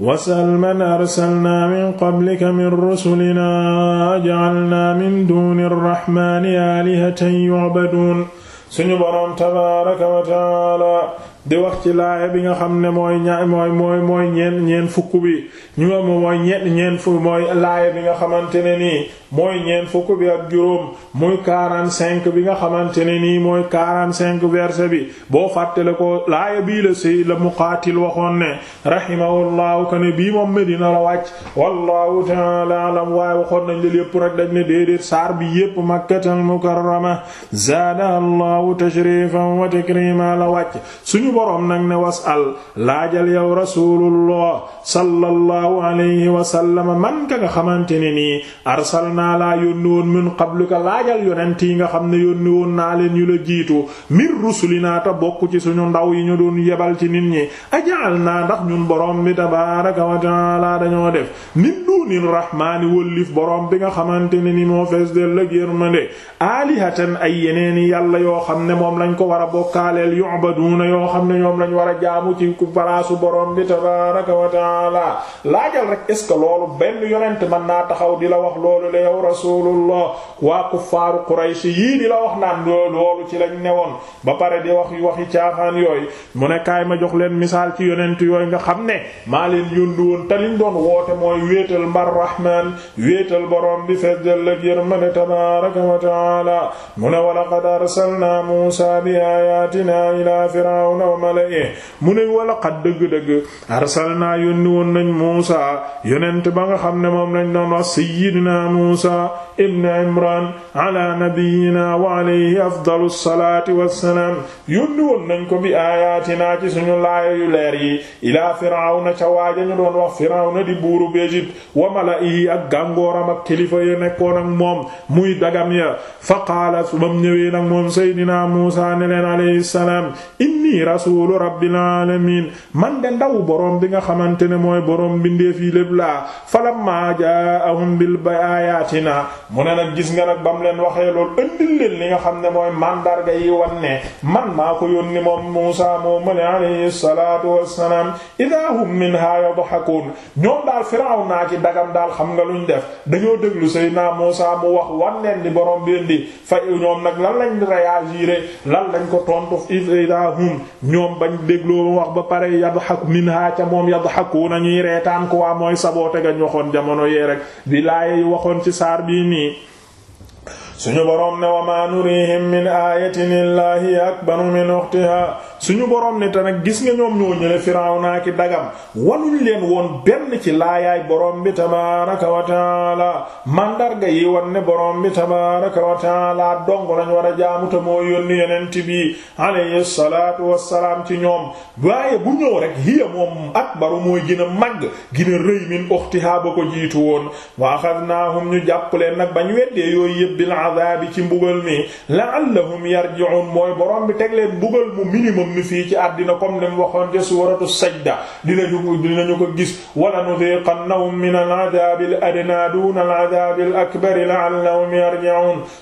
wasal man arsalnaa min qablika min rusulinaa ja'alnaa min duuni rraxmaani aalihatan yu'baduun suñu boroom tabaaraka wa ta'aala di wax ci laaya bi nga xam ne mooy ña mooy mooy mooy ñeen fukk bi ñu nga mooy ñeen ñeen fu mooy bi nga xamante ne nii mooy ñeen fukk bi ak juróom cinq bi nga xamante ne nii mooy quarante-cinq verset bi boo fàttale ko laaya bii la sëy la muqaatil waxoon ne rahimahullahu kane bii moom Medina la wàcc wallahu ta'ala alam waaye waxoon nañ la lépp rek dañ ne déedéet saar bi yépp Makkatal Mukarrama zaada allahu tashrifan wa la wàcc suñu boroom nag ne wasal laajal yow rasulullah sallallahu alayhi wa sallam man ka nga xamante ne nii arsalnaa laa yónni woon min qablika laajal yonent yi nga xam ne yónni woon naa leen yu la jiitu mir rusulinaa ta bokk ci suñu ndaw yi ñu doon yebal ci nit ñi ajaal naa ndax ñun boroom bi tabaaraka wa dañoo def min duunir rahmaani wëllif boroom bi nga xamante ne ni moo fees del la yërmande alihatan ay yeneeni yàlla yoo xam ne moom lañ ko war xam ne ñoom lañ war a jaamu ci ku palaasu borom bi tabaaraka wa taala laajal rek est ce que loolu benn yonent mën naa taxaw la wax loolu la yow rasulullah waa kuffaaru Quraysh yii di la wax naan loolu ci lañ newoon ba pare di wax yu waxi caaxaan yooyu mu ne kaay ma jox leen misaal ci yonent yooyu nga xam ne maa leen yóndu woon te liñ doon woote mooy wéetal mbar rahman wéetal borom bi feddal ak yërmande tabaaraka wa taala mu ne wa laqad arsalnaa Muusaa bi aayaatinaa ilaa Firawna wa mala'ih eh. mu ne wala xat dëgg-dëgg arsalnaa yónni nañ Muusa yonent ba nga xam ne moom nañ doon wax sayyidina Muusa ibn Imran ala nabiyyina ko bi aayaatinaa ci suñu laaya yu leer yi ilaa Firawna ca waaja ñu doon wax Firawna di buuru Égypte wa mala'ihi ak gàngooram ak kilifa ya nekkoon moom muy dagam ya fa qaala bam ñëwee nag moom sayyidina Muusa ne leen alayhi salaam rasuulu rabbil alamin man de ndaw boroom bi nga xamante ne mooy boroom bindeef yi lépp laa falammaa jaa'ahum bil baayaatina mu ne nag gis nga nag ba leen waxee lool ëndil leen li nga xam ne mooy mandarga yi wan ne man maa ko yónni moom Muusaa moo male alayhi salaatu wassalaam idaa hum minhaa yadhakuun ñoom daal Firawna dagam daal xam nga luñ def dañoo déglu Seydina Muusaa mu wax wan leen di boroom bi indi fa ñoom nag lan lañ réagir lan lañ ko tontu ñoom bañ dégloo wax ba pare yadhaku minha ca moom yadhaku nañuy reetaan ko waa mooy saboote gañ waxoon jamono yee rek di laaye waxoon ci saar bii nii suñu boroom ne wa ma min ayatin akbaru min ukhtiha suñu borom ne te gis nga ñoom ñoo ñële Firawna ki dagam wanuñ leen woon benn ci laayaay borom bi tabaaraka wa taala mandarga yi wan ne borom bi tabaaraka wa taala dong lañ war a jaamu te moo yónni yonent bi alayhi salaatu ci ñoom waaye bu ñëw rek hiya moom akbaru mooy gën a màgg gën a rëy min uxtihaa ba ko jiitu woon wa axadnaahum ñu jàpp leen nag bañ weddee yooyu yëpp bil azaabi ci mbugal mi la'allahum yarji'uun mooy borom bi teg yónni fii ci àddina comme ni mu waxoon ci suuratu sajda dinañu dinañu ko gis wala nudiqannahum min al-adaabil adnaa duuna al-adaabil akbari la'allahum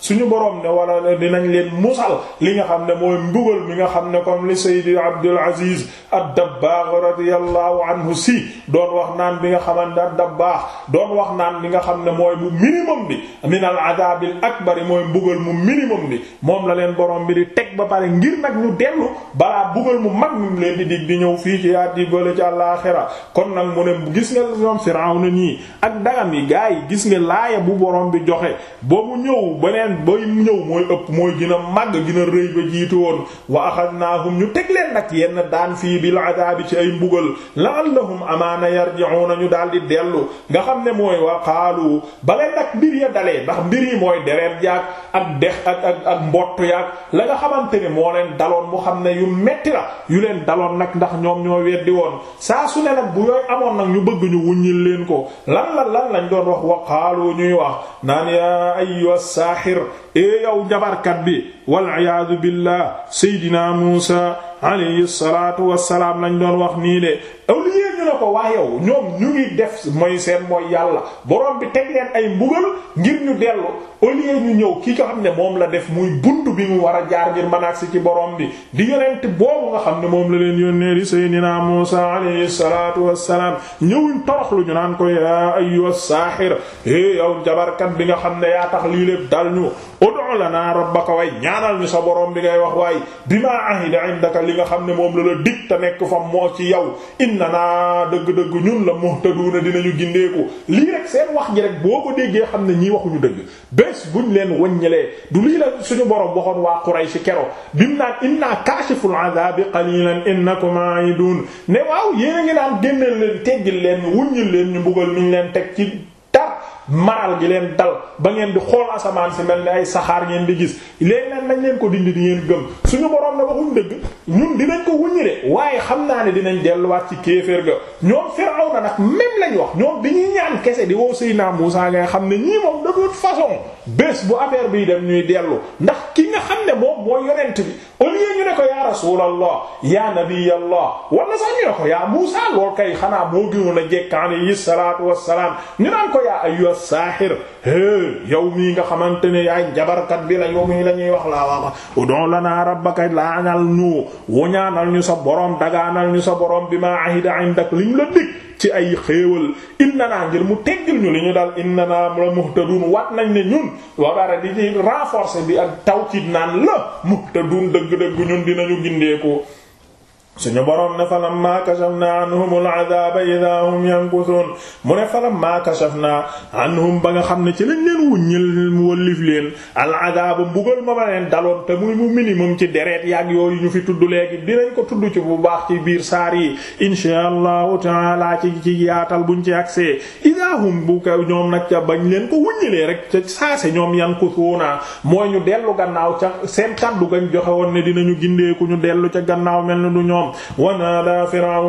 su suñu boroom ne wala dinañ leen musal li nga xam ne mooy mbugal mi nga xam ne comme li Sayyidi Abdul Aziz ad-Dabbaagh radiyallahu anhu si doon wax naan bi nga xamante ad-Dabbaagh doon wax naan li nga xam ne mooy bu minimum bi min al-adaabil akbari mooy mbugal mu minimum bi moom la leen boroom bi di teg ba pare ngir nag ñu dellu walla bugal mu mag mu leen di dig di ñëw fii ci yaati bële ci àllaaxira kon nag mu ne gis nga ñoom Firawna nii ak dagam yi gaa yi gis nga laaya bu borom bi joxe ba mu ñëw beneen bay ñëw mooy ëpp mooy gën a màgg gën a rëy ba jiitu woon wa axadnaahum ñu teg leen nag yenn daan fii bil bi ci ay mbugal la'allahum amaana yarji'uuna ñu daal di dellu nga xam ne mooy wa qaalu bale nag mbir ya dalee ndax mbir mooy deret jaag ak dex ak ak mbott yaag la nga xamante ne metti la yu leen daloon nag ndax ñoom ñoo weddi woon saa su ne amoon nag ñu bëgg ñu wuññil leen ko lan la lan lañ doon wax waqaalu ñuy wax naan yaa ayyuha saaxir e yow njabarkat bi wal iyaadu billah seydina Muusa alayhi salaatu wassalaam lañ doon wax nii de awliya ñu ne ko waa yow ñoom ñu ngi def mooy seen mooy yàlla borom bi teg leen ay mbugal ngir ñu dellu awliya ñu ñëw kii nga xam ne moom la def muy bunt bi mu war a jaar ngir mën a ci borom bi di yonent boobu nga xam ne moom la leen yónnee di Seydina Muusaa alayhi salaatu wassalaam ñëwuñ toroxlu ñu naan ko yaa ayyuha saaxir eh yow jabarkat bi nga xam ne yaa tax lii lépp dal ñu ud'u lanaa rabbaka way ñaanal ñu sa borom bi ngay wax waay bima ahida indaka li nga xam ne moom la la dig te nekk fa moo ci yow inna naa dëgg-dëgg ñun la muhtaduuna dinañu gindeeku lii rek seen wax ji rek boo ko déggee xam ne ñii waxuñu dëgg bés buñ leen wëññalee du lii la suñu borom waxoon waa Quraysh kero bim naan inna kaashiful azaabi qalilan innakum aa'iduun ne waaw yéen a ngi naan génneel leen teggil leen wuññil leen ñu mbugal ñu leen teg ci. maral gi leen dal ba ngeen di xool asamaan si mel ni ay saxaar ngeen di gis léegi nag nañ leen ko dindi di ngeen gëm suñu borom na waxuñ dëgg ñun dinañ ko wuññile waaye xam naa ne dinañ delluwaat ci kéeféer ga ñoom Firawna nag même lañ wax ñoom bi ñaan kese di wow Seydina Muusaa ngay xam ne ñii moom de toute façon bés bu affaire bii dem ñuy dellu ndax ki nga xam ne moom mooy yonent bi au ñu ne ko yaa rasuulallah yaa nabiyallah wala sax ñu ne ko xanaa moo a jekk alayhi ayyuha saaxir hé yow mii nga xamante ni yaay jabarkat bi la yow mii la ñuy wax laa waama udon lanaa rabbaka laañal ñu wuñaanal ñu sa borom dagaanal ñu sa boroom bi ma ahida indak liñ la dig ci ay xéewal inna naa ngir mu teggil ñu li ñu dal inna naa la muhtadun wat nañ ne ñun wabara di ci renforcer bi ak tawkid naan la muhtadun dëgg-dëgg ñun dinañu gindeeku suñu boroom ne falam maa kashafna anhumul adaaba idaa hum yankusuun mu ne falam maa kashafna anhum ba nga xam ne ci lañ leen wuññil mu wëllif leen al mbugal ma ma leen daloon te muy mu minimum ci deret yàgg yooyu ñu fi tudd léegi dinañ ko tudd ci bu baax ci biir saar yi inshaa allahu taala ci ci yaatal buñ ci agsee hum bu kaw ñoom nag ca bañ leen ko wuññilee rek ca saase ñoom yanku ko suuna mooy ñu dellu gannaaw ca seen kàddu gañ joxe woon ne dinañu gindeeku ñu dellu ca gannaaw mel na du ñoom wa naada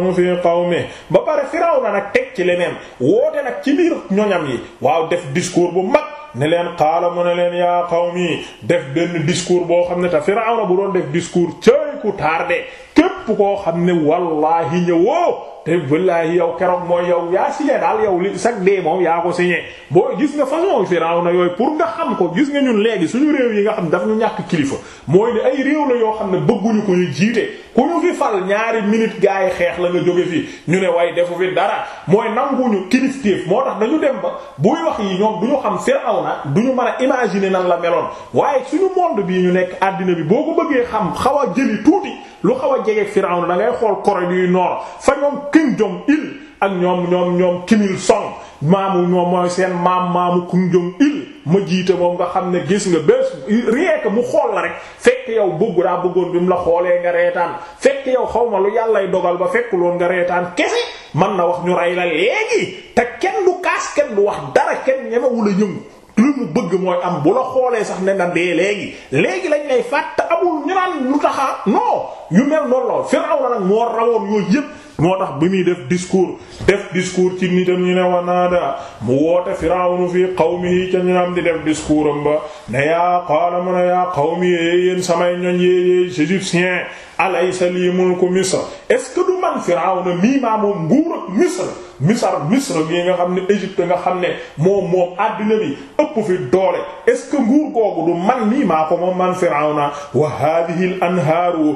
mu fi qawmi ba pare firawna nag teg ci leneen woote nag ci biir ñoñam yi waaw def discours bu mag ne leen xaala mu ne leen yaa qawmi def benn discours boo xam ne te firawna bu doon def discours cëy ku tardé képp koo xam ne wallaahi ñëwoo te wallaahi yow keroog mooy yow yaa signé daal yow li sax dee moom yaa ko signé boo gis nga façon na yooyu pour nga xam ko gis nga ñun léegi suñu réew yi nga xam daf ñu ñàkk kilifa mooy ne ay réew la yoo xam ne bëgguñu ko ñu jiite ku ñu fi fal ñaari minute gaa yi xeex la nga jóge fi ñu ne way defu fi dara mooy ñu nanguñu kilifteef moo tax dañu dem ba buy wax yi ñoom du ñu xam Firawna du ñu man a imaginer nan la meloon waaye suñu monde bii ñu nekk àddina bi boo ko bëggee xam xaw a jëli tuuti lu xaw a jege Firawna na ngay xool Corée du Nord fa ñoom Kim Jong Il ak ñoom ñoom ñoom Kim son maamu ñoom mooy seen maam maamu Kim Jong Il ma jiite moom nga xam ne gis nga bés rien que mu xool la rek fekk yow bëgg daa bëggoon bi mu la xoolee nga reetaan fekk yow xaw ma lu yàllay dogal ba fekk loon nga reetaan kese man na wax ñu rey la léegi te kenn du kaas kenn du wax dara kenn ñemewul a yëngu lu mu bëgg mooy am bu la xoolee sax ne na dee léegi léegi lañ lay fàtt amul ñu naan lu taxa non yu mel noonu la Firawna nag moo rawoon yooyu yëpp moo tax bi muy def discours def discours ci nitam ñu ne wanaada mu woote firawnu fii qawmihi ca ñu am di def discours am ba ne yaa qaala mu ne yaa qawmi yee yéen samay ñoñ yee yee égyptien alaysa lii mulku misr est-ce que du man firawna mii maa moom nguur ak misr misar misr nga xam ne Égypte nga xam ne moo moom àddina bi ëpp fi doole est-ce que nguur googu du man mii maa ko moom man firawna wa haadihi al anhaaru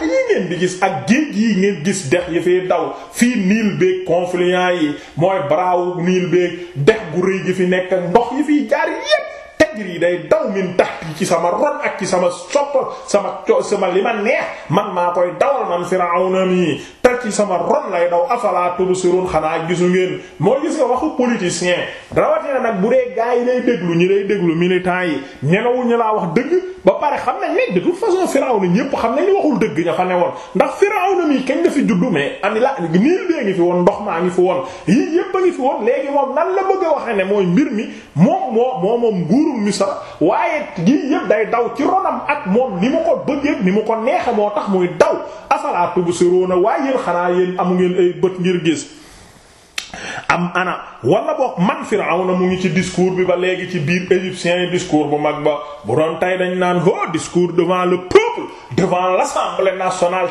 jàkk yi ngeen di gis ak géej yi ngeen gis dex yi fi daw fii niil beeg confluent yi mooy braawu niil beeg dex gu rëy gi fi nekk ndox yi fiy jaar yépp tajri day daw min tahti ci sama ron ak ci sama sopp sama co sama li ma neex man maa koy dawal man Firawna mi te ci sama ron lay daw afala tubsirun xanaa gisu ngeen moo gis nga waxu politicien rawatina nag bu dee gaa yi lay déglu ñi lay déglu militants yi ñenewul ñu laa wax dëgg ba pare xam nañ ne de toute façon Firawna ñépp xam nañ ni waxul dëgg ña fa ne woon ndax Firawna mi kañ la fi juddu mais ani la niil bee fi woon maa ngi fi woon yii yépp a ngi fi woon léegi moom nan la bëgg a wax ne mooy mbir mi moom moo moo moom nguurum Misra waaye yii yépp day daw ci ronam ak moom ni mu ko bëggee ni mu ko neexe moo tax muy daw afalaa tubsiruuna waaye yéen xanaa yéen amu ngeen ay bët ngir gis am ana wala boog man Firawna mu ngi ci discours bi ba léegi ci biir égyptien discours bu mag ba bu doon tey dañ naan ho oh, discours devant le peuple devant l'Assemblée nationale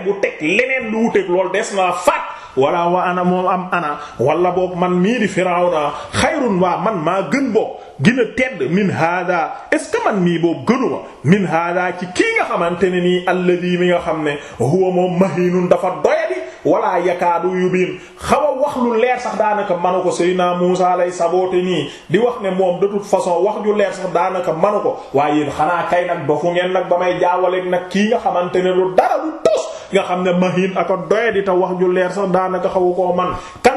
waaye bu teg leneen lu wuteeg loolu des naa faat wala wa ana moom am ana wala boog man mii di firawna xayrun waa man maa gën boog gina tedd min hada est ce que man mii boobu gënuma min hada ci kii nga xamante ne nii alladi mi nga xam ne huwa moom mahinun dafa doyadi wala yakaadu yubiin xaw a wax lu leer sax daanaka manu ko Seydina Muusa lay sabote nii di wax ne moom de toute façon wax ju leer sax daanaka manu ko waaye yéen xanaa kay nag ba ngeen nag ba nga xam ne mahin ak a doye di te wax ju leer sax daanaka xawu koo man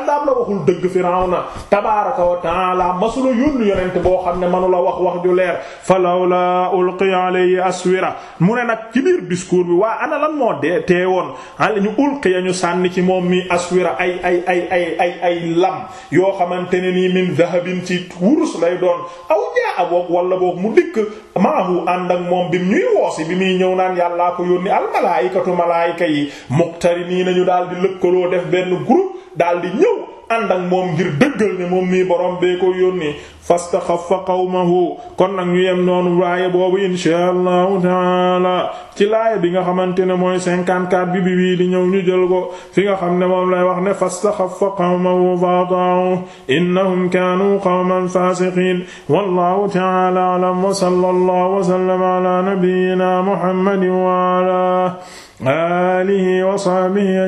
kàddaam la waxul dëgg Firawna tabaaraka wa ta'aala masula yónni yonent boo xam ne manu la wax wax ju leer falawla ulqiya alayhi aswira mu ne nag ci biir discours bi waa ana lan moo dee teewoon ala ñu ulqiya ñu sànni ci moom mi aswira ay ay ay ay ay ay lam yoo xamante ne nii min dahabin ci wurus lay doon aw jaa boog wala boog mu dikk maahu ànd ak moom bi ñuy woosi bi muy ñëw naan yàllaa ko yónni al malaayika yi muqtariniina ñu daal di lëkkaloo def benn groupe daal di ñëw ànd ak moom ngir dëggal ne moom mii borom bee ko yónni fastaxaffa qawmahu kon nag ñu yem noonu waaye boobu insha allahu taala ci laaya bi nga xamante ne mooy 54 bi bi di ñëw ñu jël ko fi nga xam ne moom lay wax ne fastaxaffa qawmahu fa ata'u innahum kaanu qawman fasiqin wallahu taala alam wa sallallahu wa sallama ala nabiyyina muhammadin wa ala alihi wa sahbihi